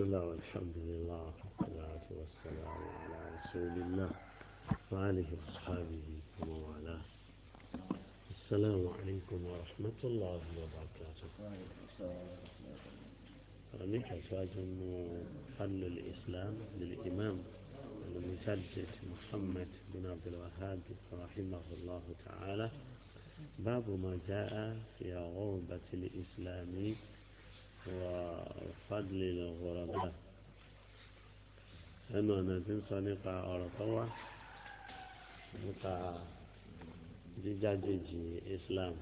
بسم الله والحمد لله والصلاة والسلام على رسول الله وآله وأصحابه ومن والاه السلام عليكم ورحمة الله وبركاته نحن سواجم حل الإسلام للإمام المسجد محمد بن عبد الوهاب رحمه الله تعالى باب ما جاء في غربة الإسلام وفضل الغرباء أنا نزل صنيقة أرطوة nípa jíjájèjì Islam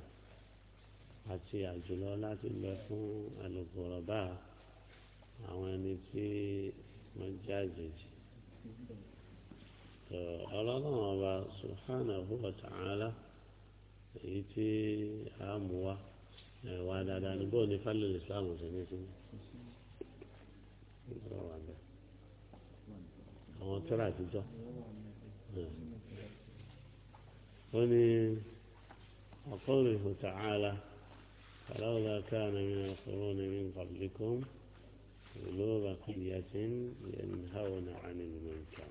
àti àjùlọ láti lọ fún alùpùpùrọ̀bá àwọn ẹni tí wọ́n jájèjì. ọlọ́run ọba subhanahu wa ta'ala èyí tí a mú wá. آه. وقوله تعالى فلولا كان من القرون من قبلكم ذو بقية ينهون عن المنكر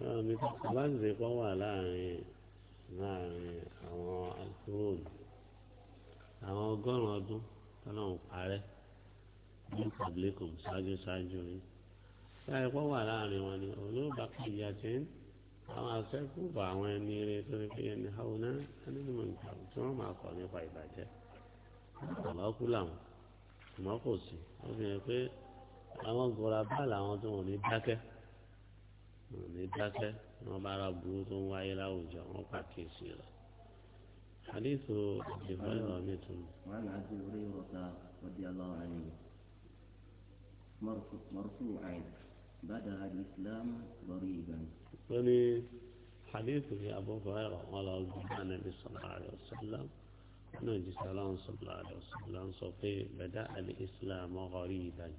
مثل ما نزق ولا يعني يعني القرون àwọn ọgọ́rùn-ún ọdún tọ́lọ́run parẹ́ ní pàbílẹ́kùn ṣáájú ṣáájú rí láì pọ́ wà láàrin wọn ni olóòbá kìí àti àwọn àṣẹ́kù bá àwọn ẹni eré tó ní pé ẹni hàwọn náà ẹnìmọ̀ nǹkan tí wọ́n máa kọ̀ nípa ìbàjẹ́ bàbá kú làwọn àmọ́ kò sí wọ́n fi hàn pé àwọn gọra bá làwọn tó wọn ní dákẹ́ wọn ní dákẹ́ wọn bá ra burú tó ń wáyé láwùjọ wọn pàkíyèsí rẹ̀. حديث أبي هريرة وعن أبي هريرة رضي الله عنه مرفوعا بدأ الإسلام غريبا يعني حديث في أبو هريرة قال النبي صلى الله عليه وسلم نجي سلام صلى الله عليه وسلم صفي بدأ الإسلام غريبا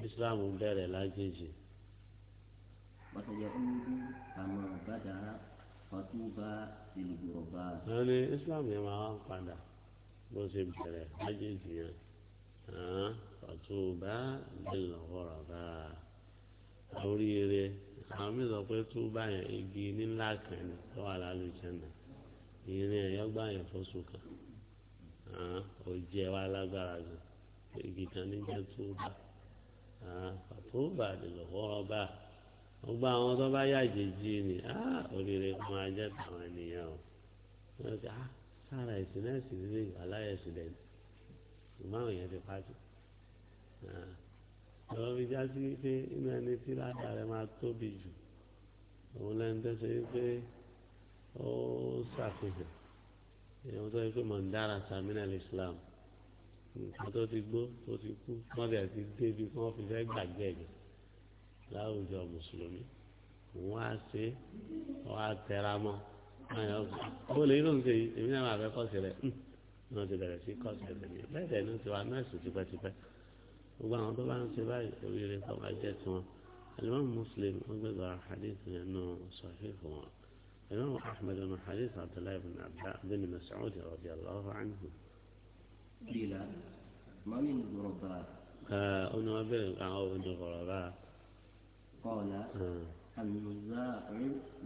الإسلام بدأ لا جيجي وسيعود كما بدأ fatuba ìlúgbọ̀nba. wọ́n ní islam yẹn máa ń padà bó ṣe bẹ̀rẹ̀ méjèèjì yẹn fatuba ìlúgbọ̀nba oríire àwọn mi sọ pé túbà yẹn igi nílá kan ni, tó wà lálùjẹ́nà ìrìn ẹ̀yọ́ gbà yẹn fọ́sùn kan òjì ẹ̀ wá lágbára gan igi kan ní jẹ́ túbà fatuba ìlúgbọ̀nba gbogbo àwọn tó bá yàjèjì ni ah, oríire kó máa jẹ́ tàwọn ènìyàn o wọ́n ti ah, sára ẹ̀sìn náà sì nílé aláyẹ̀ sílẹ̀ ṣùgbọ́n àwọn èèyàn ti pàṣẹ. Ah, ọ̀rọ̀ mi já sí pé inú ẹni tí ládàá rẹ̀ máa tóbi jù òun lẹ́nu tó ṣe pé ó ṣàfihàn ìyẹn tó yẹ pé mọ̀ndára sàmínà Islam nǹkan tó ti gbó tó ti kú wọ́n dẹ̀ débi kí wọ́n fi fẹ́ gbàgbé ẹ̀jẹ̀ láwùjọ mùsùlùmí wọn á ṣe wọn á tẹra mọ́ ó lè inú ṣe èmi náà máa fẹ́ kọ́sì rẹ̀ náà ti bẹ̀rẹ̀ sí kọ́sì rẹ̀ mi bẹ́ẹ̀ dẹ̀ ní tiwa nọ́ọ̀sì tipẹ́tipẹ́ gbogbo àwọn tó bá ń ṣe báyìí oríire kọ́ máa jẹ́ tiwọn alimọ́ mùsùlùmí wọn gbẹ̀gbọ́ hadith yẹn nù sọ̀fẹ́ fún wọn alimọ́ ahmed nù hadith abdullahi bin abdullah bin masoud radiyallahu anhu. ọ̀nà wọn bẹ̀rẹ̀ àwọn obìnrin kọ̀ọ̀rọ̀ báyìí. قال المزاع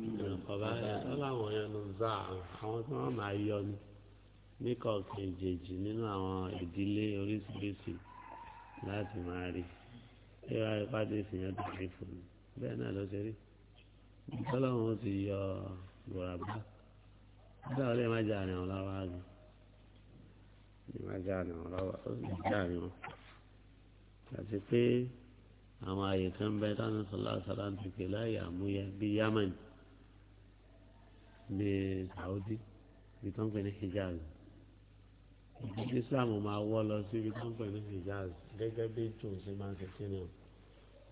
من القبائل ọlọ́wọ́ yẹn ló zá àwọn tí wọ́n máa yọ ni ní kọ̀ọ̀kan ìjèjì nínú àwọn ìdílé oríṣiríṣi láti máa rí ìwà ìpàdé ìsìnyẹn tó rí fún mi bẹ́ẹ̀ náà ló ṣe rí ọlọ́wọ́ ti yọ gbòràbá ọlọ́wọ́ ọlẹ́ máa jẹ́ àrìn àwọn láwá ni máa jẹ́ àrìn àwọn láwá ó sì jẹ́ àrìn wọn àti pé àwọn ààyè kan bẹ tánà sọlá sọlá ti pè láàyè àmúyẹ bí Yemen bí Saudi bí tó ń pè ní Hijaz ìdílé Islam máa wọ́ lọ sí ibi tó ń pè ní Hijaz gẹ́gẹ́ bí tòun ṣe máa ń ṣe sínú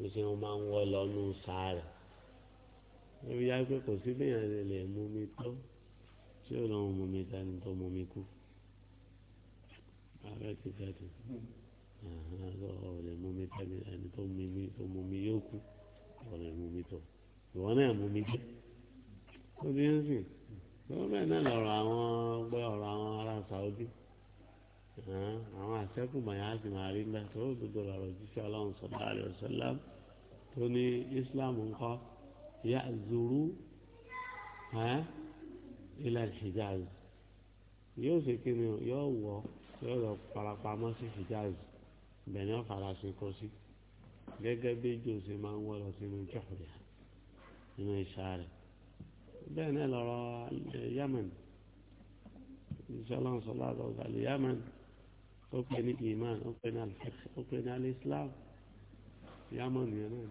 ìṣe wọn máa ń lọ nù sáré ebi ya pé kò sí bẹ́ẹ̀ lè mú mi tó tí ò lọ́wọ́ mú mi tó mú mi kú ààrẹ ti ọ̀rọ̀ lè mú mi tẹ́mi ẹni tó mú mi tó mú mi yóò kú ọ̀rọ̀ lè mú mi tó ìwọ náà mú mi jẹ́ ó ní ẹ̀sìn Saudi àwọn àṣẹ́kùnmọ̀yà á sì máa rí ńlá tó ó dodo lọ́rọ̀ jíṣẹ́ ọlọ́run sọ̀rọ̀ àlẹ́ ọ̀sọ́lá tó ní Islam ńkọ́ ya zuru ilẹ̀ Hijaz yóò ṣe kí ni yóò wọ̀ yóò lọ parapamọ́ sí Hijaz bẹ̀rẹ̀ wọn fara ṣe kọ sí gẹ́gẹ́ bí jòsè máa ń wọ́lọ̀ sínú jọ̀fìyà nínú ìṣá rẹ̀ bẹ́ẹ̀ náà lọ́rọ̀ Yemen ìṣọ́lọ́n sọ́lá àdọ́gba lè Yemen ó pè ní iman ó pè ní alifẹ́kì ó pè ní alislam Yemen yẹn náà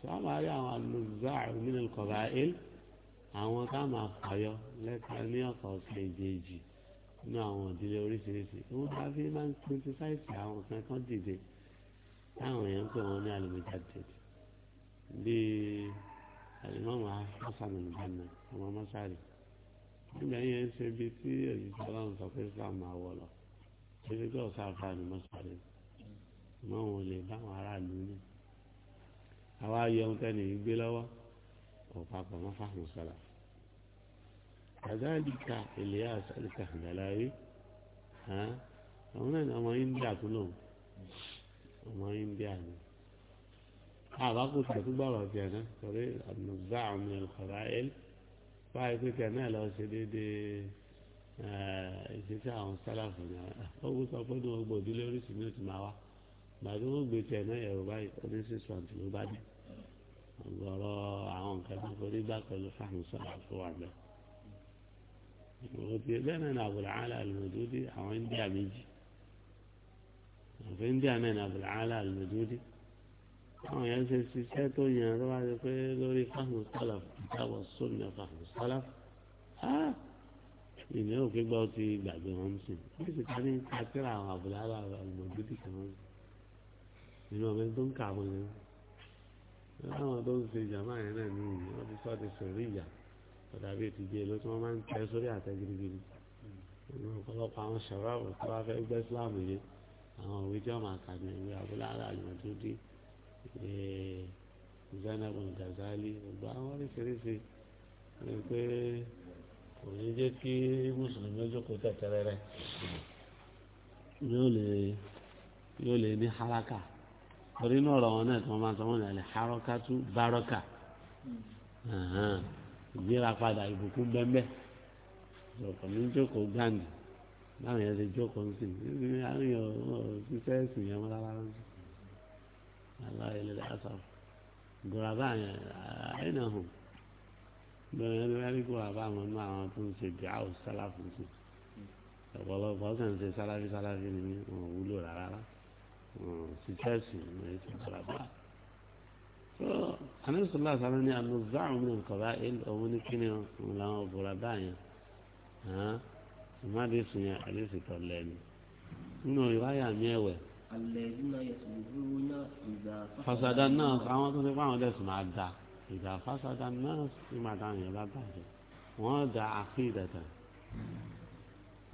sọ́mà rí àwọn alùzá àrùmínú kọ̀ọ̀bá el àwọn táwọn àfàyọ lẹ́ka ní ọ̀kọ̀ọ̀sẹ̀ ìjèjì ní àwọn ìdílé oríṣiríṣi wọn bá fi máa ń kíritisáìsì àwọn kan kan dìde táwọn èèyàn ń pè wọn ní alimitated bíi alimọ́mọ́ hasan olùbánà ọmọ mọ́sárì nígbà yẹn ń ṣe bí tí òjijì ọlọ́run sọ pé islam máa wọ̀ lọ ṣébi pé ọ̀sán àfààní mọ́sárì mọ́ wọn lè báwọn aráàlú ní àwa yọ ohun tẹ́ni gbé lọ́wọ́ ọ̀pọ̀ àpamọ́ fáwọn sọ̀rọ̀ kàdáàlìkà Ilyas al-Kahalawi àwọn náà ni ọmọ India tó lòun ọmọ India ni àbákò tẹ̀túgbà wà fìyà náà sọ̀rọ̀ ànùzá àmì al-Qaba'il báyìí pé fìyà náà lọ ṣe déédéé eh, ìṣesí àwọn sálàfù ni ọgbọ́n sọ pé ní ọgbọ́n òdílé oríṣi ní òtún máa wá gbàdúrà wọn gbé tiẹ̀ náà yẹ̀rọ báyìí ọdún six months ló bá dé ọgbọ̀rọ̀ àwọn nǹkan tó forí gbà pẹ̀lú fáwọn sálàfù wà bẹ́ẹ̀ bẹ́ẹ̀ náà ní abùlàálà àlùmọ̀dúdí àwọn india méjì àfẹ́ india náà ní abùlàálà àlùmọ̀dúdí àwọn yẹn ṣe ṣiṣẹ́ tó yẹn tó bá ti pé lórí fáhùn sálàf ìjábọ̀ sómi fáhùn sálàf ìyẹn ò pé gbọ́ ti gbàgbé wọn sí i bí ìsìnká ní kátìrà àwọn abùlàálà àlùmọ̀dúdí kan wọn sí i nínú ọmọ tó ń kà wọn yẹn láwọn tó ń ṣe ìjàmbá yẹn náà ní wọn ti sọ ti sọ̀rọ̀ tọ́dàbí ìtìjẹ́ ló tí wọ́n máa ń tẹ́ sórí àtẹ́girigiri nínú ọ̀pọ̀lọpọ̀ àwọn sọ̀rọ̀àbọ̀ tó bá fẹ́ gbẹ́ síláàmù yìí àwọn òwe tí wọ́n máa kà ní ìwé abúlára àjùmọ̀tòdì Zainabu Gazali gbogbo àwọn oríṣiríṣi ni pé kò ní jẹ́ kí mùsùlùmí ojókòó tẹ̀tẹ̀rẹ̀ rẹ̀ yóò lè ní haraka torí náà ọ̀rọ̀ wọn náà tí wọ́n máa sọ wọn ní alẹ́ harakatu baraka ìgbéra padà ìbùkún bẹ́ẹ̀ ọ̀pọ̀ ní jókòó gánì báwọn yẹn ṣe jókòó sí i àwọn yẹn ò ṣiṣẹ́ ẹ̀sìn yẹn wọn rárá sí i aláìlẹ̀ àṣà gòràbà yẹn àìnà hù bẹ́ẹ̀ ni wọ́n rí gòràbà wọn nú àwọn tó ń ṣe bíi àwọn sálàfù sí i ọ̀pọ̀lọpọ̀ kàn ṣe sálàfì sálàfì nìyí wọn wúlò rárá ṣiṣẹ́ ẹ̀sìn yẹn ti gòràbà anabisala sáré ní anuza àwọn ọmọ nǹkan bá ẹ ọmọ ní kíni ọmọ làwọn ọbọra báyẹn hàn ìmọdé sùn yẹn àdéhùn tó lẹnu nínú ìwáyà mi ẹwẹ. fasada náà àwọn tó ti pa àwọn dẹ̀sùn máa da ìgbà fasada náà sì máa da àwọn yẹn bàjẹ́ wọ́n da àkídàtà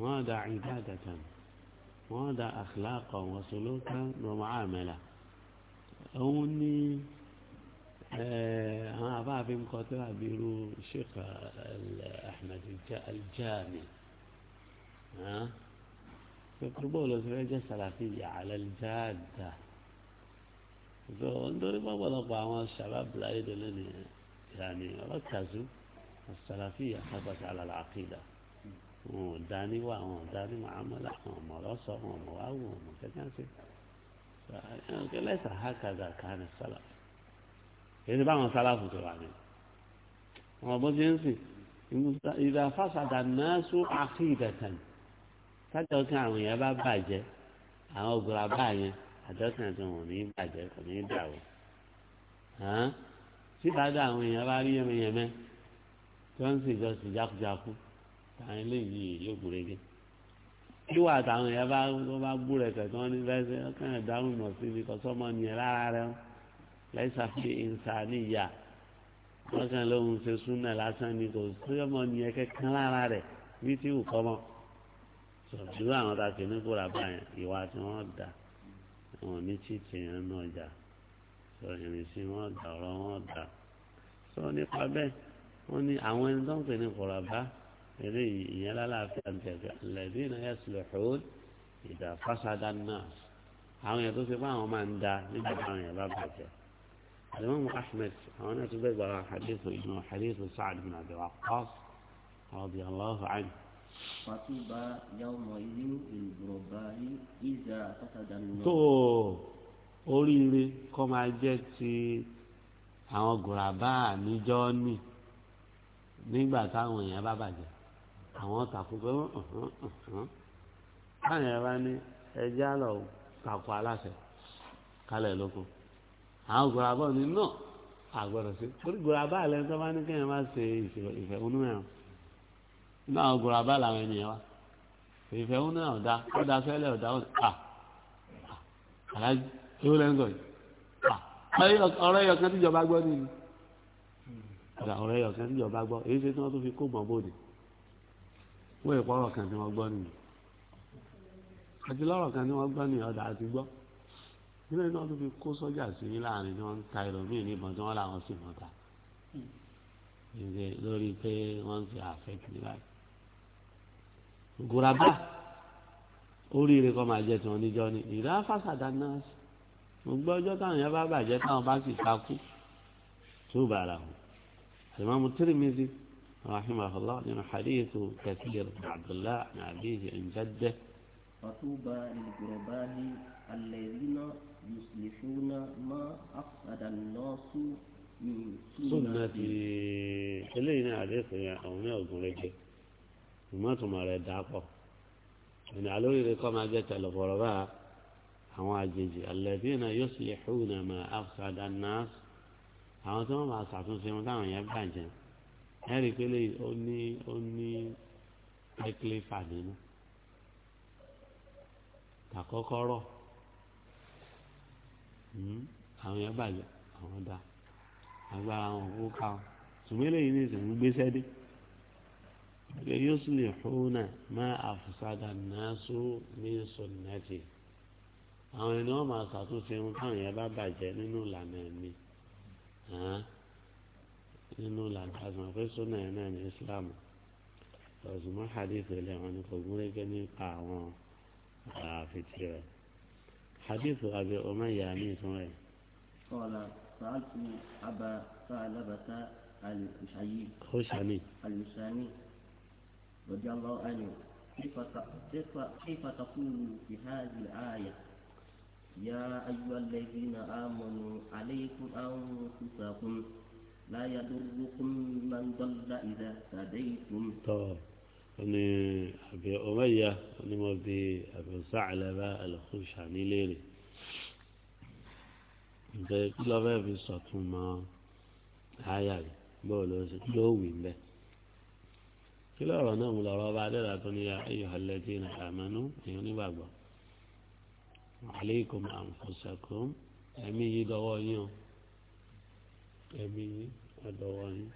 wọ́n da ìdádàtà wọ́n da àkìlákọ̀ wọ́n sọlọ́kà lọ́mọ àmẹ́là òun ní. ما في مقاتلة بيقولوا الشيخ أحمد الجامي ها يضربوا له زي سلفية على الجادة ضربوا ولا بعض الشباب لا يدلون يعني ركزوا السلفية حبت على العقيدة داني وهم داني معاملة هم راسهم وهم وهم كذا يعني ليس هكذا كان السلف èyí ni báwọn sálàfù ti wà ní. àwọn ọmọ jẹ́ ń sìn ìgbà fásádà náà sún àfi ìdẹ̀tàn sájọ́ kí àwọn yẹn bá bàjẹ́ àwọn ògùrà bá yẹn àjọkàn tí wọn ò ní bàjẹ́ kò ní dà wọ́n. síbàdà àwọn èèyàn bá rí yẹmẹyẹmẹ tí wọ́n ń sì jọ sí jákujáku táwọn eléyìí yóò gúrégé ìwà àtàwọn èèyàn bá bú tẹ̀ tí ní bẹ́sẹ̀ ọkàn ẹ̀dáhùn mọ̀ síbi kọ́sọ́mọ́ nìyẹn lára rẹ̀ wọ́n láìsà fi ìnsàní ìyá wọn kàn lóhun ṣe súnà lásán ni kò sí ọmọ nìyẹn kankan lára rẹ bí tí ò kọ́ mọ́ sọ̀tún àwọn tá a ti ní kó ra báyẹn ìwà tí wọ́n dà wọn ní títì yẹn ní ọjà sọ ìrìnsí wọn dà ọ̀rọ̀ wọn dà sọ nípa bẹ́ẹ̀ الإمام أحمد أنا أتبعد على حديث إنه حديث سعد بن أبي وقاص رضي الله عنه وطوبى يومئذ للغرباء إذا فسد النور tó oríire kọ́ máa jẹ́ ti àwọn gùràbá níjọ́ ní nígbà táwọn èèyàn bá bàjẹ́ àwọn tàkùn pé báyìí ẹ bá ní ẹjẹ́ àlọ́ tàkùn aláṣẹ kálẹ̀ lóko àwọn gbòràbọ̀ ni náà àgbọ̀dọ̀ sí torí gbòràbà lẹ́nu tó bá ní kéèyàn má ṣe ìfẹ̀hónú ẹ̀ nínú àwọn gbòràbà làwọn ènìyàn wa ìfẹ̀hónú ẹ̀ ọ̀dà ọ̀dà fẹ́lẹ̀ ọ̀dà ọ̀dà àlájú ewu lẹ́nu sọ yìí ọ̀rọ̀ ẹ̀yọ̀ kan tíjọba gbọ́ ni ọ̀rọ̀ ẹ̀yọ̀ kan tíjọba gbọ́ èyí ṣe tí wọ́n tún fi kó mọ́ bòde wọ́n ìpọ̀rọ̀ kan tí wọ́n gbọ́ nìyí àti kan tí wọ́n gbọ́ nìyí ilé náà ló fi kó sọ́jà sí yín láàrin ni wọ́n ń ta ẹlòmíì níbọn tí wọ́n làwọn sì mọ̀ ta lórí pé wọ́n ń fi àfẹ́ kiri báyìí. gùràbà oríire kọ́ máa jẹ tiwọn níjọ́ ni ìdá fásádà náà mo gbọ́ ọjọ́ táwọn yẹn bá bàjẹ́ táwọn bá sì takú tó bàrà hù àlùmọ́mù Tirmidhi rahimahullah nínú hadithu Kathir Abdullah nàbíyí ẹ̀ńjẹ́dẹ́. فطوبى للغرباء الذين يصلحون ما أفسد الناس من سنتي eléyìí náà àdéhùn yẹn àwọn ما ọ̀gùn rege ìmọ̀tòmọ̀ rẹ̀ dàpọ̀ ìní alóríire kọ́ máa jẹ́ tẹlifọ̀rọ̀ bá àwọn àjèjì alladhina yuslihuna ma afsada an-nas àwọn tí wọ́n máa ṣàtúnṣe wọn táwọn yẹn bàjẹ́ ẹ̀rí pé lè ó ní ó ní ẹ̀kílẹ̀ nínú àkọ́kọ́ rọ̀ hmm, àwọn yẹn bàjẹ́ àwọn dá agbára wọn kó ká wọn tùmílẹ̀ yìí ní ìsìn gbéṣẹ́ dé ilé yóò sì lè hóná má àfùsàdà náà só ní sọ̀nàtì àwọn ẹni wọn máa ṣàtúnṣe ohun táwọn yẹn bá bàjẹ́ nínú ìlànà ẹ̀mí nínú ìlànà àtàwọn pé sọ́nà ẹ̀ náà ní Islam ọ̀sùnmọ́ hadith ẹ̀lẹ́wọ̀n ni kò gúnrégé nípa àwọn àfi tirẹ̀ hadith abi umayya ní ìtumọ̀ ẹ̀. kọ́lá sàátù abba sàlábàtà alùsàyí. kòsàní. alùsàní rọ̀jà lọ́wọ́ àlè كيف تقول في هذه الآية يا أيها الذين آمنوا عليكم أنفسكم لا يضركم من ضل إذا هديتم. أني أبي أمية أني مبدي أبي ثعلبة الخوشاني ليري بقي لما في صوتهما هاي بقولوا سكلوه به كلا رنا ملا بعد ذاتون يا أيها الذين آمنوا يعني بابا عليكم أنفسكم أمي دوايو أمي دوايو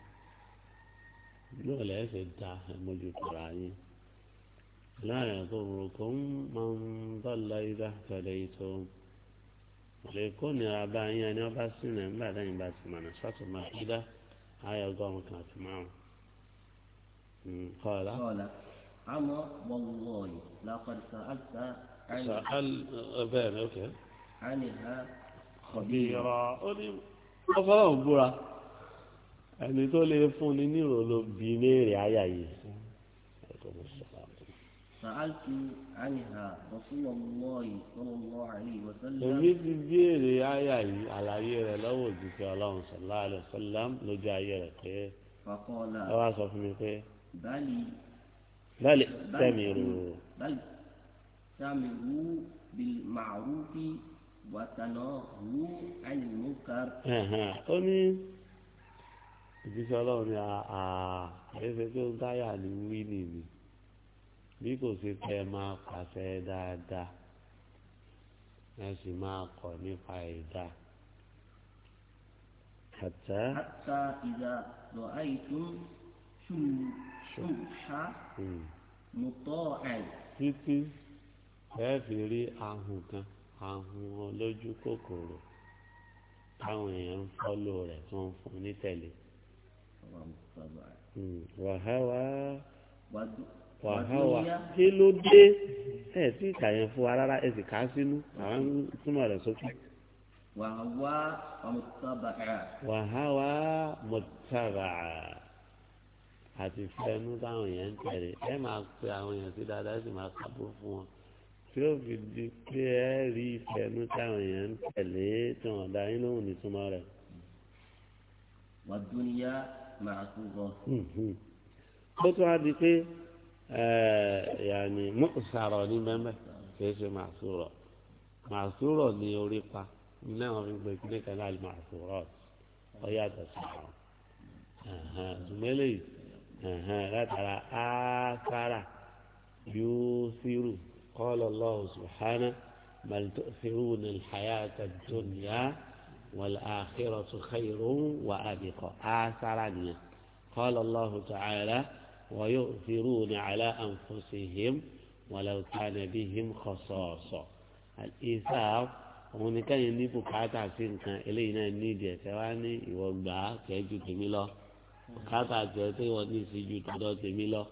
yóò lẹ́sẹ̀ da ẹ̀mọ́jútara anyị, láàrin àtọ̀rùkọ́ máa ń bá láyé bá tẹ̀lé ìtọ́ lè kó nira bá yín ọba sílẹ̀ ńgbà lẹ́yìn bá ti mọ̀nà mana máa kí dá ayé ọgọ́rùn-ún ẹni tó lè fún ni ní ìròlò bíi léèrè àyà yìí sí ẹ̀kọ́ mo sọ. سألت عنها رسول الله صلى الله عليه وسلم èmi ti béèrè àyà yìí àlàyé rẹ̀ lọ́wọ́ òjíṣẹ́ ọlọ́run sallallahu alaihi wasallam lójú ayé rẹ̀ pé ẹ wá sọ fún mi pé bẹ́ẹ̀ sẹ́mi rò sàmìwú bìlmàrúfi wàtànà wú àyìnmúkàr. ó ní ìjíṣẹ́ ọlọ́run ni àà ẹsẹ̀ tó ń táyà ní wí nìyí bí kò sí pé máa pàṣẹ dáadáa ẹ sì máa kọ̀ nípa ìdá. حتى حتى إذا رأيتم شمشا مطاعا títí ẹ fi rí ahùn kan ahùn olójú kòkòrò táwọn èèyàn ń fọ́lò rẹ̀ tó ń fún ní tẹ̀lé. Hmm. wàháwá wàháwá kí ló dé ẹ sì kàyẹn fún wa rárá ẹ sì kà á sínú àwọn túmọ̀ rẹ̀ sókè. wàháwá mọ̀tàbàá. wàháwá mọ̀tàbàá àti fẹnu táwọn èèyàn ń tẹ̀lé ẹ máa pe àwọn èèyàn sí dáadáa sì máa kábọ̀ fún wọn tí ó fi di pé ẹ rí ìfẹnu táwọn èèyàn ń tẹ̀lé tí wọn dá yín lóhùn nítumọ̀ rẹ̀. wàdúnyá معصوره خطوة هذه يعني مؤسرة لمن كيف معصورة معصورة ليوريقة من لا أريد أن يكون المعصورات قيادة سحرة أها زميلي أها لا ترى آثارة يوثر قال الله سبحانه بل تؤثرون الحياة الدنيا والآخرة خير وأبقى آثر قال الله تعالى ويؤثرون على أنفسهم ولو كان بهم خصاصة الإيثار òun ni kẹ́yìn ní bùkátà sí nǹkan eléyìí náà ní ìdí ẹ̀sẹ̀ wá ní ìwọ gbà á kẹ́ẹ́ ju tèmi lọ bùkátà tẹ̀ ẹ́ tó ìwọ ní ìsíjú tọ́dọ̀ tèmi lọ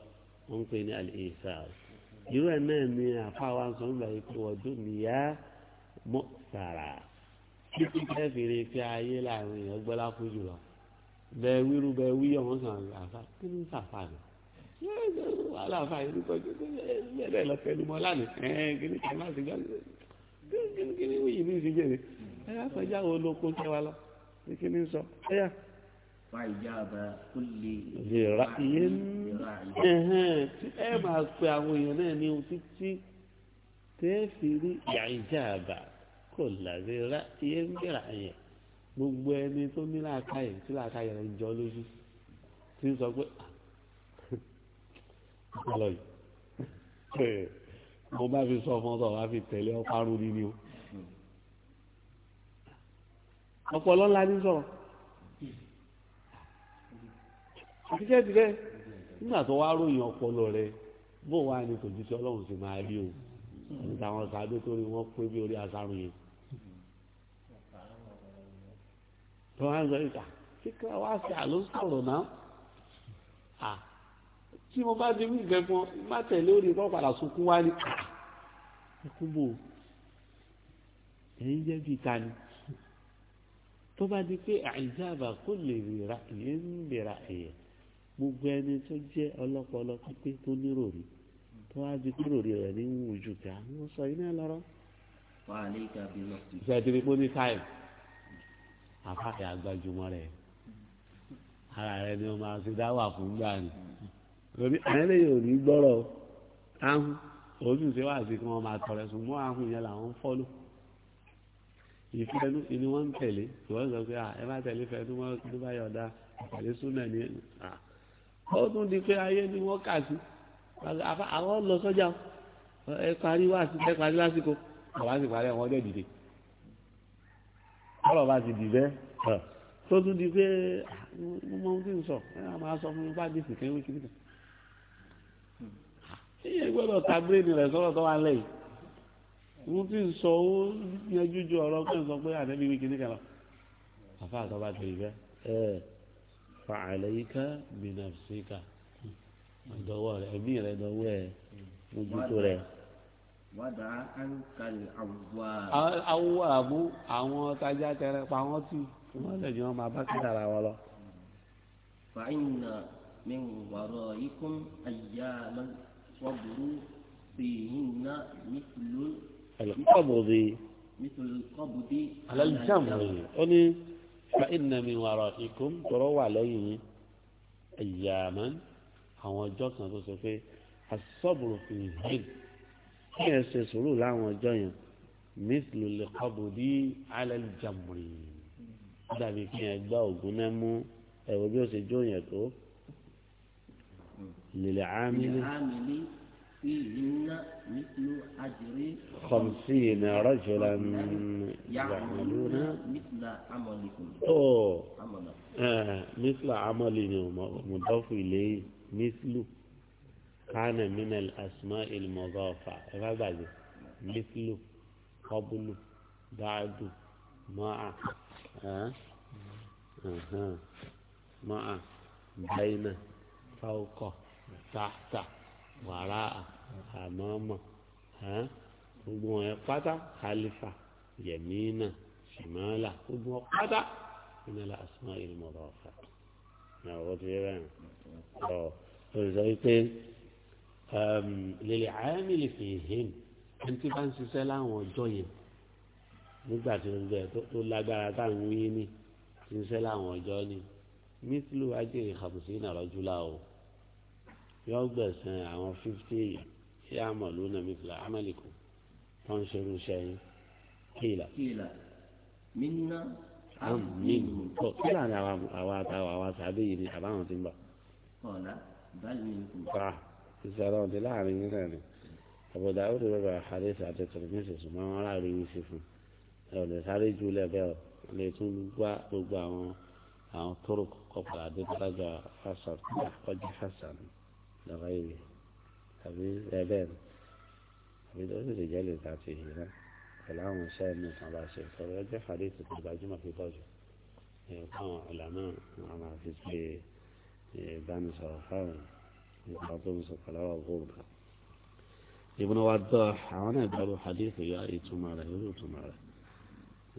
wọ́n pè ní al-isar irú ẹ̀ náà ni àfa wa ń sọ nígbà pé wọ́n dùn níyà mọ́sára títí kẹfìrí fi ayé láàrin èèyàn gbọ́lá fún jùlọ bẹ́ẹ̀ wíru bẹ́ẹ̀ wíyọ̀ wọ́n sàn àfa kí ló ń sàfà nù wàhálà àfa yìí nípa ẹgbẹ́ lọ́fẹ́ ló mọ́ lánàá ẹ̀ẹ́n kìíní kìíní láti gbá kìíní kìíní wíyì ní ìsìn jẹ́rẹ̀ ẹ̀yà sọjá wo ló kó kẹwàá lọ ní kìíní sọ ẹ̀yà. ẹ máa pe àwọn èèyàn náà ní ohun títí tẹ́ẹ̀fì rí ìyá ìjà kò làbí rẹ iye ń bèrè àyẹ gbogbo ẹni tó ní làákàyè tí làákàyè rẹ ń jọ lójú tí ń sọ pé àlọ yìí mo bá fi sọ fún ọ sọ wá fi tẹ̀lé ọparun ni ni o ọpọlọ ńlá ní sọ̀rọ̀ àtijọ́ ti rẹ nígbà tó wá ròyìn ọpọlọ rẹ bó wà ní tòjúṣe Ọlọ́run sì máa rí o àti táwọn sàádó tó rí wọn pé bí orí asárun yẹn. tó wá ń sọ ìgbà kíkà wá sí àlóṣọ̀rọ̀ náà à tí mo bá dín nǹkan kan má tẹ̀lé orí kọ́ padà sunkún wá ní ẹkún bò ẹ̀yin jẹ́ bíi ta ni tó bá di pé àìjáàbà kò lè rà yẹn ń bèrà ẹ̀yẹ gbogbo ẹni tó jẹ́ ọlọ́pọlọ pípé tó níròrí tó wá di kúrò rí rẹ̀ ní wùjú kí àwọn sọ iná lọ́rọ́. wàhálà ìkàbí lọ. ìṣèjì ni pé ó ní táìmù àfàkẹ́ agbájúmọ́ rẹ̀ ara rẹ̀ ni wọ́n máa ṣe dáwà fún gbà ni àyẹ̀lẹ́yìn ò ní gbọ́rọ̀ ahùn òótù ṣe wá sí kí wọ́n máa tọrẹ sùn mọ́ ahùn yẹn làwọn fọ́lù ìfẹ́nu ni wọ́n ń tẹ̀lé ìwọ́n sọ pé ẹ má tẹ̀lé fẹ́nu wọn ló bá yọ̀ọ̀dá tẹ̀lé súnà ní ó tún di pé ayé ni wọ́n kà sí àwọn lọ sọ́jà ẹ parí wá sí ẹ parí lásìkò àwọn àti parí àwọn ọdẹ dìde ọ̀rọ̀ bá ti dìbẹ́ tó tún di pé ah, mo mọ ohun tí ń sọ ẹ máa sọ fún mi bá dìsì kéwì kiri kan ah, ìyẹn gbọ́dọ̀ ta bírèdì rẹ̀ sọ̀rọ̀ tó wà lẹ́yìn ohun tí ń sọ ó yanjú ju ọ̀rọ̀ pé ń sọ pé àtẹ́bí wí kiri kan lọ àfa àtọ́ bá ti rí bẹ́ ẹ fa àlẹ́yíká bìnàfsíkà ọ̀dọ́wọ́ rẹ̀ ẹ̀mí rẹ̀ dọ́wọ́ ẹ̀ mójútó rẹ̀ wàdà ànkàlì àwùwàbù. àwùwàbù àwọn tajà tẹrẹ pa wọn tì wọn lè ní wọn máa bá kádàrà wọn lọ. fàáyìnà mi wàrọ̀ ikún àyàmà wàbùrú fìhìnà mìtìlú. ẹ̀lẹ́kọ̀bùdì. mìtìlú kọ̀bùdì. alẹ́jàmùrì ó ní fàáyìnà mi wàrọ̀ ikún tọrọ wà lẹ́yìn yìí àyàmà àwọn ọjọ́ kan tó sọ pé asọ́bùrù fìhìnà kí ẹ ṣe sùúrù láwọn ọjọ́ yẹn mísìlù lè kọ́bù bí alẹ́ jàmbùrì dàbí kí ẹ gbá ògùn náà mú ẹ̀wọ̀n bí ó ṣe jó yẹn tó lèlè ámìlì خمسين رجلا يعملون مثل عملكم أوه مثل عملهم مضاف إليه مثل kánà minal asma ilmọ̀gáfà ẹ bá gbàgbé mithlu qablu ba'du ma'a eh, ma'a bayna fawqa tahta wara'a amama eh, gbogbo wọn yẹn pátá khalifa yamina shimala gbogbo wọn pátá minal asma ilmọ̀gáfà. Àwọn ọ̀rọ̀ tó yẹ báyìí. Ọ̀ ọ̀ sọ wípé lèlè àyàmìlì fi hìn ẹni tí bá ń ṣiṣẹ́ láwọn ọjọ́ yẹn nígbà tí ó bẹ̀ tó lágbára táwọn wí ní ti ń ṣiṣẹ́ láwọn ọjọ́ ni mítìlú ajé ìkàbùsí ìnàrọ́júlá o yọ gbẹ̀sán àwọn fífítì èèyàn sí àmọ̀lú náà mítìlá amẹ́lìkù tó ń ṣerú sẹ́yìn kíìlà. kíìlà mínà àmínú. tó kílà ni àwa àtàwọn àwa sàbẹ̀yìn ni àbáwọn ti ń bọ̀. ọ̀la báyìí ni kò ìṣẹ̀lẹ̀ ọ̀dẹ láàrin yín náà ni àbọ̀dà ó lè rọrọ̀ àkàdéṣe àti tẹ̀lifíṣì ṣùgbọ́n wọn láàrin yín sí fún ẹ ò lè sáré ju lẹ́bẹ̀ ọ lè tún gbá gbogbo àwọn àwọn tóró kọ̀ọ̀kan àdébálájà hasan ọjọ́ hasan lọ́wọ́ ìwé tàbí lẹ́bẹ̀ ni àbí ó sì lè jẹ́ lè ta ti yìí náà pẹ̀lú àwọn iṣẹ́ mi kan bá ṣe ìfọ̀rọ̀ ọjọ́ àdéṣe tó gbajúmọ̀ pípọ̀ jù ẹ̀ẹ̀kan ìlànà àwọn àfi ابن وضاح عن باب حديث يا إتمارة يا إتمارة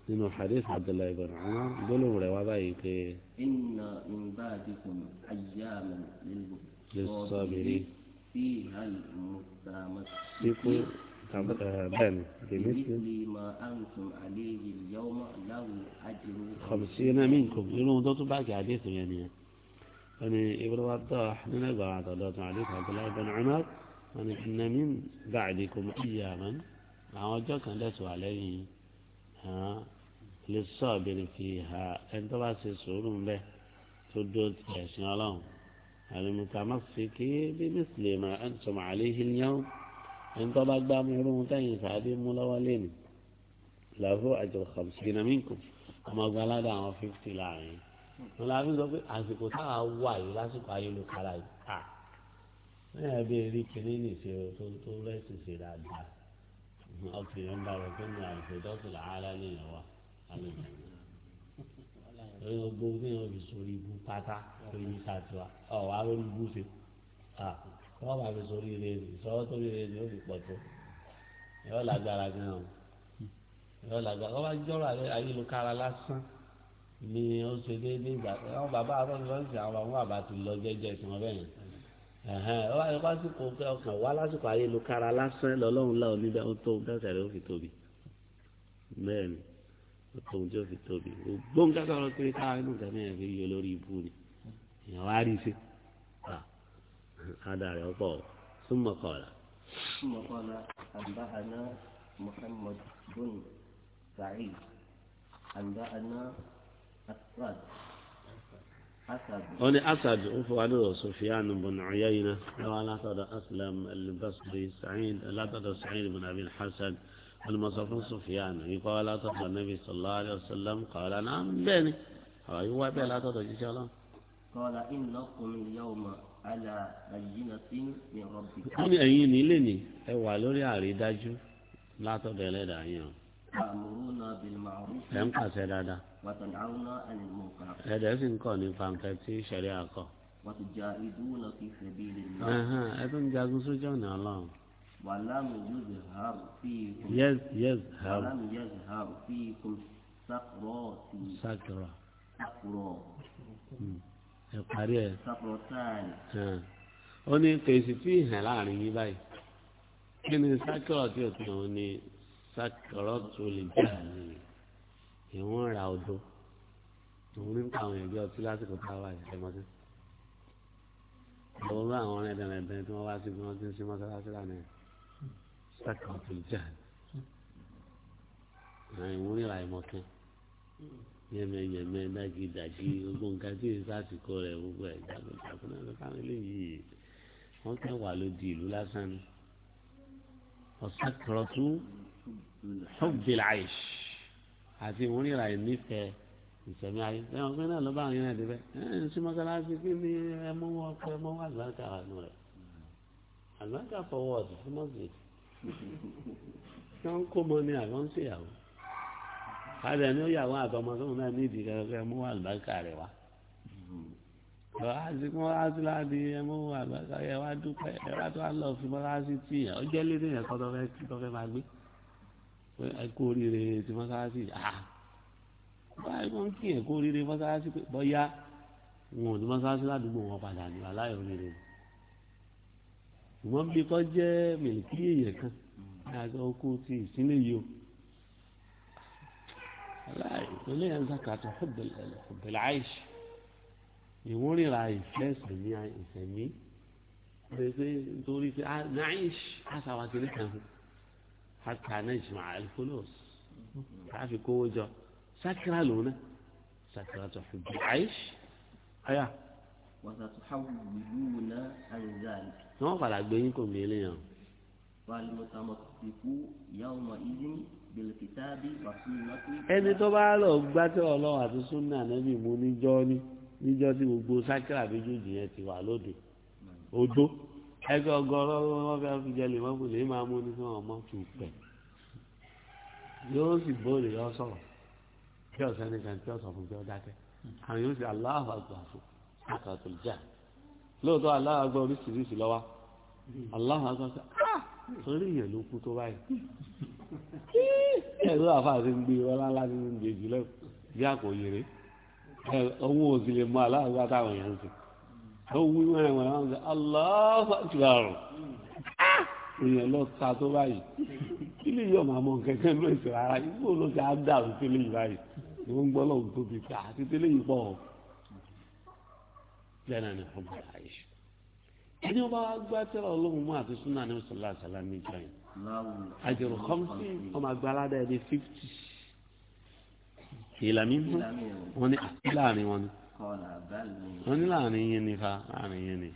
إنه حديث عبد الله بن عمر قولوا له وضعيك إن من بعدكم أياما للصابرين فيها المتمسك بان بمثل ما أنتم عليه اليوم له أجر خمسين منكم يقولون دوتوا بعد حديث يعني يعني ابن وضاح من بعد الله تعالى عبد الله بن عمر يعني إن من بعدكم أياما عوجك لسوا عليه ها للصابر فيها أنت بس سورون به تدوت يسين الله المتمسك بمثل ما أنتم عليه اليوم أنت بقى مهرون تاني سعدي ملولين له أجر خمسين منكم وما قال هذا 50 لاعين lọ́la mi sọ pé àsìkò táwa wà yìí lásìkò ayélujára yìí à ní ẹbí rí kínní nìṣe tó tó rẹ́sì ṣe dáadáa ọkì yẹn ń darọ̀ pé ní àìsèdọ́sì làárá ní ìyàwó alẹ́jọ́ lórí ọgbọ́n ní fi sórí ibú pátá lórí ní sàtìwá ọ̀ wá lórí ibú ṣe à bá fi sórí ire sọ́wọ́ tó rí ire ó fi pọ̀ tó ìyàwó làgbára gan-an ìyàwó làgbára ọba jọ́rọ̀ ayélujára lásán ilé ó ṣe déédéé ìgbà àwọn bàbá àtọ́sọ́sọ́sì àwọn bàbá bàbá ti lọ jẹ́jẹ́ tí wọ́n bẹ̀rẹ̀ ó wá ní pásítọ̀ ọkàn wá lásìkò ayélujára lásán lọ́lọ́run láwọn níbẹ̀ ó tó gẹ́gẹ́ rẹ̀ ó fi tóbi bẹ́ẹ̀ ni ó tó ojú ó fi tóbi gbóhùn gẹ́gẹ́ rẹ̀ pé káwọn inú ìtàn yẹn fi yọ lórí ibú ni èèyàn wá rí sí adarí ọ̀pọ̀ súnmọ́ kọ́ra. súnmọ́ kọ́ra àbáhàná Muhammad bin Sa'id àbáhàná. أولي أسد وفوالو سفيان بن عيينة ولا تدى أسلم البصري سعيد لا تدى سعيد بن أبي الحسن المصرف سفيان يقال لا تدى النبي صلى الله عليه وسلم قال نعم بني أيوة بي لا تدى إن شاء الله قال إنكم اليوم على بينة من ربكم أمي أيني لني أولي أريد أجو لا تدى لدى أيام تأمرون بالمعروف كم قصد هذا وتنعون عن المنكر هذا في كوني فانكتي شريعة وتجاهدون في سبيل الله اها ابن جاكم سجونا الله ولم يظهر فيكم يز يظهر ولم يظهر فيكم سقراتي سقرة سقرة ìparí ẹ. ó ní kèsì tí ì hàn láàrin yín báyìí kí ni sákìrọ̀ tí ò tún òun ni sakarọtù lè jáde ìwọn ra odò òun ní nípa àwọn ẹgbẹ́ ọtí lásìkò tá a wà ní ẹmọdé àwọn olú àwọn ọ̀rẹ́ ẹdẹrẹdẹ tí wọn wá sí bí wọn ti ń sí mọ́sálásí lánàá sakarọtù lè jáde àwọn ìwúrí ra ìmọkẹ yẹmẹ yẹmẹ dágídágí gbogbo nǹkan tí èyí sásìkò rẹ gbogbo ẹ jáde jákúná ló káwọn eléyìí wọn kẹ wà lójú ìlú lásán ni ọ̀sàkìrọ̀tún hubbil aish àti ìmúrìnrà ìnífẹ̀ẹ́ ìsẹ̀mí ayé ẹ wọn pé náà ló bá àwọn yẹn débẹ̀ ẹ ẹ sí mọ́sálásí kí ni ẹ mú wọn pé mọ́ wọn àgbàkà wà nù rẹ̀ àgbàkà forward fún mọ́sálásí kí wọ́n kó mọ́ ni àwọn ń ṣèyàwó káàdà ni ó yà wọn àtọmọ sóhun náà ní ìdí kẹkẹ mú wọn àgbàkà rẹ̀ wá lọ́wọ́sí kí wọ́n á sí láti ẹmú àgbàkà ẹ wá dúpẹ́ ẹ wá tó á lọ fi mọ́sálásí tì yẹn ọjọ́ lédè yẹn ẹkú oríire ti mọ́sáàsì ah báyìí wọ́n ń kí ẹkú oríire mọ́sáàsì bọ́yá wọn ò ní mọ́sáàsì ládùúgbò wọn padà ní aláì oríire ṣùgbọ́n bí kò jẹ́ mìlìkì èèyàn kan ní àjọ okú ti ìsílẹ̀ yìí o aláì ìpínlẹ̀ yẹn ń sàkàtọ̀ ọ̀bẹ̀lẹ̀ àìsí ìwúrìrà ìfẹ́ ìsẹ̀mí ìsẹ̀mí pé pé nítorí pé ah, náà àìsí àṣà wa kiri kan fún un hàtà nàìjíríà àlùfọlọ́s káfí kówó jọ sákìrà lòun náà sákìrà tó fi bí àyíṣ ayá. tí wọ́n padà gbé yín kò mí eléyàn. ẹni tó bá lọ gbá tí ọlọ́wà tó súnà nẹ́bí mú níjọ́ ní níjọ́ tí gbogbo sákìrà méjèèjì yẹn ti wà lóde odó ẹgbẹ́ ọgọ́rọ́ wọn fẹ́ fi jẹlẹ̀ mọ́ bùlẹ̀ máa mú ní kí wọ́n mọ́ tù pẹ̀ yóò sì bóòlù yọ sọ̀rọ̀ kí ọ̀sẹ̀ nìkan kí ọ̀sọ̀ fún kí ọ dákẹ́ àwọn yóò sì aláàbà gbà fún àkàtò jà lóòótọ́ aláàbà gbà oríṣiríṣi lọ́wọ́ aláàbà gbà sọ ah, torí ìyẹn ló kú tó báyìí ẹ̀rọ àfàṣe ń gbé ọlá láti ń gbé jùlọ bí àpò yèrè ọwọ́ òsì lè mọ aláàbà táwọn èèyàn ń sìn ó wí wẹ̀rẹ̀wẹ̀rẹ̀ wọn sọ aláwọ̀ àtúrà rọ̀ èèyàn lọ ta tó báyìí kí lè yọ̀ màmú kẹ̀kẹ́ ló ìsìn rárá ibò ló ti á dàrú tẹ́lẹ̀ yìí báyìí ni wọ́n ń gbọ́ lọ́hùn tó fi ta àti tẹ́lẹ̀ yìí pọ̀ lẹ́nà ni ọmọ ayé ẹni ọba agbátẹ́rọ ọlọ́run mú àti súnà ní ọ̀sọ̀lá àṣàlá méjì àjẹrò kọ́msì ọmọ agbáládá ẹni fífítì ìlàmí wọn ni àti láàrin wọn ni wọ́n ní láàrin yín ni fa láàrin yín ni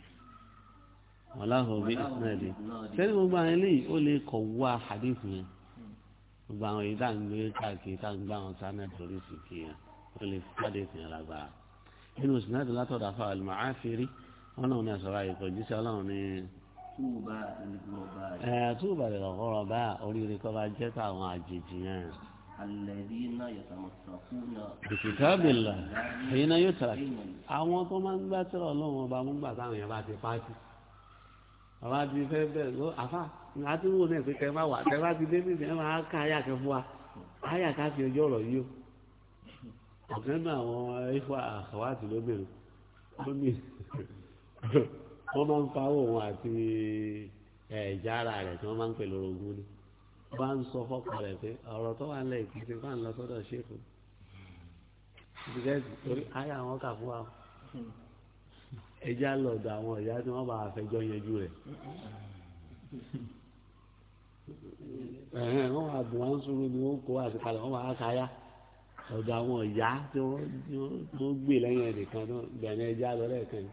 wọ́n láhùn bí ìsinẹ́ẹ̀dì sẹ́ni gbogbo àwọn eléyìí ó lè kọ̀ wá hadith yẹn gbogbo àwọn èyí tá à ń gbé káàkiri tá à ń gbá àwọn sánẹ́ẹ̀tì oríṣiríṣi yẹn ó lè fi hadith yẹn lágbára nínú ìsinẹ́ẹ̀dì látọ̀dọ̀ afọ àlùmọ́ àfẹ́rí wọn náà ní àṣọra ìkọ̀ jíṣẹ́ ọlọ́run ní. túùbà lè lọ́kọ́rọ̀ bá oríire kọ́ bá jẹ́ الذين يتمسكون بكتاب الله حين يترك àwọn tó máa ń gbá tẹ́lẹ̀ ọlọ́run ọba mú gbà táwọn èèyàn bá ti pàtì ọba ti fẹ́ bẹ́ẹ̀ ló àfà láti wò náà pé kẹ́ẹ́ bá wà tẹ́lẹ̀ bá ti dé níbi ẹ̀ máa ká àyà kẹ́ fún wa àyà ká fi ọjọ́ ọ̀rọ̀ yìí o ọ̀kan náà àwọn ifá àkàwátì lóbìnrin ó ní wọ́n máa ń pawó òun àti ẹ̀ẹ́dára bá ń sọ fọ́kàn rẹ̀ pé ọ̀rọ̀ tó wà nílẹ̀ ìpínlẹ̀ bá ń lọ sọ́dọ̀ bíkẹ́tì torí ayé àwọn kà fún wa ẹjẹ́ àlọ́dọ̀ àwọn ìyá tí wọ́n bá fẹjọ́ yẹjú rẹ̀ ẹ̀hẹ́n wọ́n máa bù wọ́n sùúrù ni wọ́n kó àṣekalẹ̀ wọ́n máa káyà ọ̀dọ̀ àwọn ìyá tí wọ́n gbé lẹ́yìn ẹ̀dẹ̀kan bẹ̀rẹ̀ ẹjẹ́ àlọ́dẹ̀ kan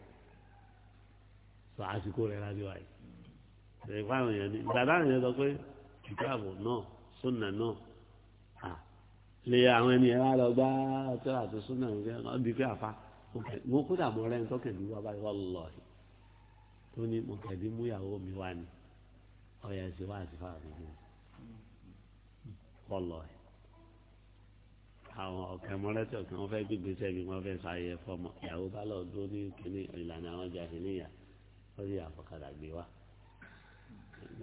sọ àsìkò rẹ̀ láti wáyé ìgbà táwọn èèyàn sọ pé kìtàbù náà súnà náà à lè àwọn ẹni ẹ̀rọ lọ gbá àti súnà ọbí pé àfa mo kúdà mọ ọ̀rẹ́ nítorí kẹ̀dí wá báyìí wọ́n lọ rí tó ní mo kẹ̀dí mú mi wá ni ọ̀yà ẹ̀sìn wá àti fáwọn mi wọ́n lọ rí àwọn ọ̀kẹ́ mọ́lẹ́tì ọ̀kẹ́ wọn fẹ́ gbígbé sẹ́bi wọn fẹ́ sáyẹ fọmọ ìyàwó bá lọ dúró ní kíní ìlànà àwọn jàdí níyà àfọkàdà gbé wá.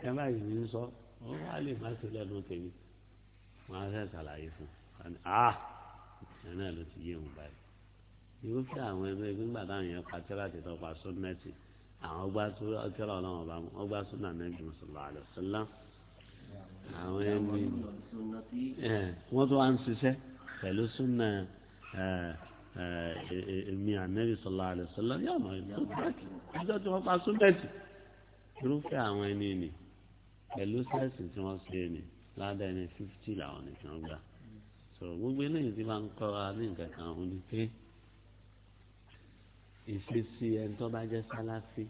ẹ báyìí ní sọ wọ́n wá lè má sí lẹ́nu tèmi wọ́n á fẹ́ ṣàlàyé fún un ah ẹ̀ náà ló ti yé òun báyìí irúfẹ́ àwọn ẹgbẹ́ nígbà táwọn yẹn pa tẹ́láti tó pa sọ́nẹ́tì àwọn ọgbà tẹ́lá ọlọ́run ọba mu ọgbà sọ́nà nẹ́bí mùsùlùmí àlọ́sílá àwọn ẹni wọ́n tó wá ń ṣiṣẹ́ pẹ̀lú sọ́nà èmi ànẹ́bí sọ̀lá àlọ́sílá yóò mọ̀ ẹ́ tó tẹ́lá ọjọ́ tí wọ́n pa sọ́nẹ́tì irúfẹ́ àwọn ẹni nìyí pẹ̀lú sẹ́ẹ̀sì tí wọ́n ṣe ni ládàá ẹni fífítì làwọn nìkan gbà so gbogbo eléyìí tí máa ń kọ́ra ní nǹkan kan òun ni pé ìṣesí ẹni tó bá jẹ́ sálàfí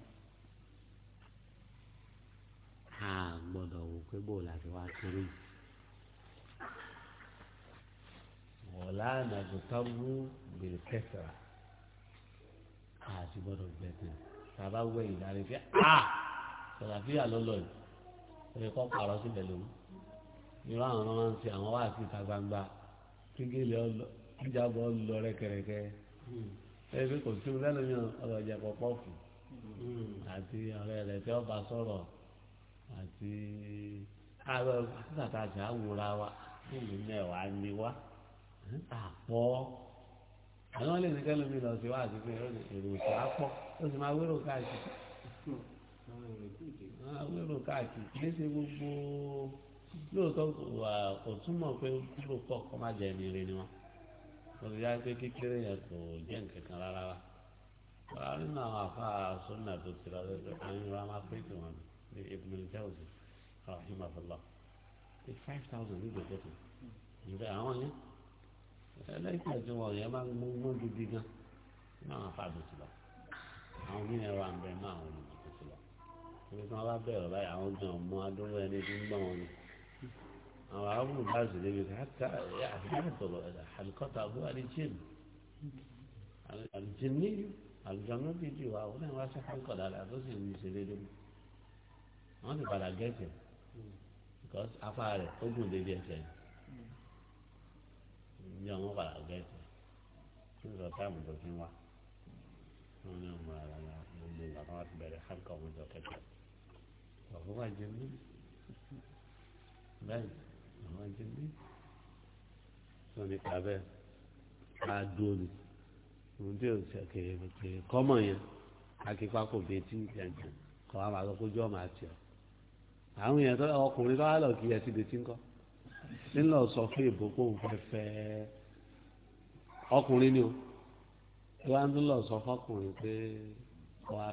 a gbọ́dọ̀ wò pé bò láti wá kéré wọ̀lá nàgùtàmú bìrìkẹsàrà a ti gbọ́dọ̀ gbẹ̀tẹ̀ tàbá wẹ̀ ìdarí pé a ah! sàlàfíà lọ́lọ́yìí òye kọ́ pààrọ̀ síbẹ̀ lónìí irú àwọn ọmọ máa ń ṣe àwọn wáàsí ìta gbangba kígélé ìjàbọ̀ lọ rẹ́kẹrẹkẹ ẹgbẹ́ kò sí lẹ́nu mi ọ̀rọ̀ ìjà pọ̀pọ̀ fún àti ọ̀rẹ́ rẹ̀ tí ọba sọ̀rọ̀ àti ààrẹ àtàtà àti àwòrán wa nílùú mẹ́wàá ni wá àpọ̀ àwọn lè ní kẹ́lómi lọ sí wáàsí pé èrò ìṣẹ́ àpọ̀ ó sì máa wérò káàkiri àwọn èrò káàkiri kìí ṣe gbogbo lóòótọ́ kò túmọ̀ pé kúrò pọ̀ kọ́ má jẹ́ ìrìn ni wọn mo ti yá pé kékeré yẹn kò jẹ́ nǹkan kan rárá wa wàá nínú àwọn afa sunna tó ti rà lọ́dọ̀ àwọn ìrora máa pé tí wọn ní Ibn Jawzi rahimahullah ní five thousand ní gbèdéke ǹjẹ́ àwọn yẹn ẹlẹ́yìn tí wọn yẹn máa ń gbóngbó gidi gan ní àwọn afa tó ti rà àwọn mí ẹ̀rọ àǹbẹ̀ máa ibi tí báyìí àwọn gan mọ adúlọ ẹni tí ń gbọ́ wọn ni àwọn arábùn bá sì débi káàkà àtọ̀rọ̀ àlùkọ́tà àbú àlìjìn àlìjìn ní àlùjọ́nú dídì wa àwọn náà wá sí àlùkọ́tà àtọ́ sì ń ṣe dédé wọ́n ti padà gẹ̀ẹ́sì because afá rẹ̀ ó gùn débi ẹsẹ̀ ni ìjọ wọn padà gẹ̀ẹ́sì kí n sọ táàmù tó fi wá wọn ní ọmọ ara wọn ní ìgbà kan wá ti bẹ̀rẹ̀ àlùkọ́ ọmọdé ọ̀kẹ́kẹ́ bàbá wa jẹ mí báyìí bàbá wa jẹ mí tó nípa bẹ́ẹ̀ ká dúró ni òun tí ò sẹ kèrè kèrè kọ́mọ̀ yẹn akíkọ́ kò bẹ tí jẹjẹ kọ́ wa máa lọ kójú ọmọ àti ọ àwọn yẹn tó ọkùnrin tó wà lọ kí ẹ ti bẹtí ńkọ ńlọ sọ fún ìbò kó òun fẹ́ ni o tí wàá ń lọ sọ fọkùnrin pé kọ́ wa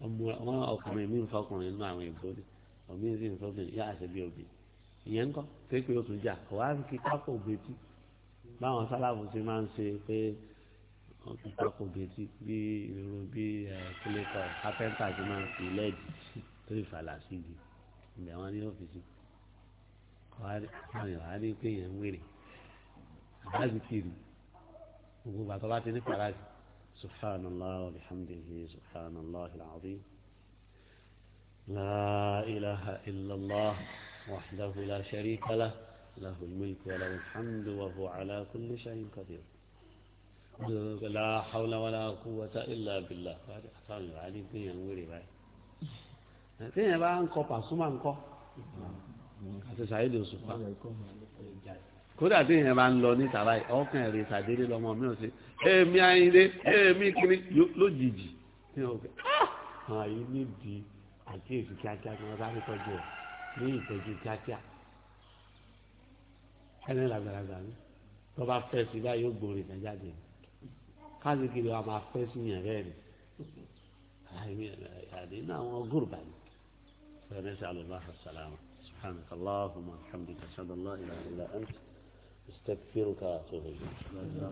wọn ọkùnrin mi ń fọkùnrin nínú àwọn èèbó ni ọmọ yìí sì ń fọkùnrin yá àṣẹ bí obì ìyẹn ń kọ́ pépé oṣù jà wà á kí kápò betí báwọn sálábù ti máa ń ṣe pé wọn kí kápò betí bí irú bí kílíkọ kápẹ́ńtà ti máa ń fi lẹ́ẹ̀dì tó ìfàlà sí ibi ìgbà wọn ní ọ́fíìsì wọn yàn á ní pé yẹn ń wèrè àbájú kiri gbogbo bàtọ́ ti ní pàrọ̀ سبحان الله وبحمده سبحان الله العظيم لا إله إلا الله وحده لا شريك له له الملك وله الحمد وهو على كل شيء قدير لا حول ولا قوة إلا بالله أتعلم العليم كن ينوري باي كن يبقى أنكو باسوما أنكو أتسعيد سبحانه kódà tí èèyàn bá ń lọ níta báyìí ọkàn èrè ìsàdélé lọmọ mi ò sí èmi ayinde èmi kiri lójijì ní ọgbẹ ah! àwọn yìí níbi àkíyèsí kíákíá kí wọn bá ní tọ́jú ẹ ní ìtọ́jú kíákíá ẹni làgbàlagbà ni tó bá fẹ́ sí báyìí ó gbòòrè náà jáde káàdì kiri wa máa fẹ́ sí yẹn rẹ ni àìmí àdé náà àwọn gúrùbà ni sọ̀rọ̀ ní sàlùbá sàlámù subhanahu wa ta'ala wa rahmatulahi wa barakatuh. استغفرك واتوب اليك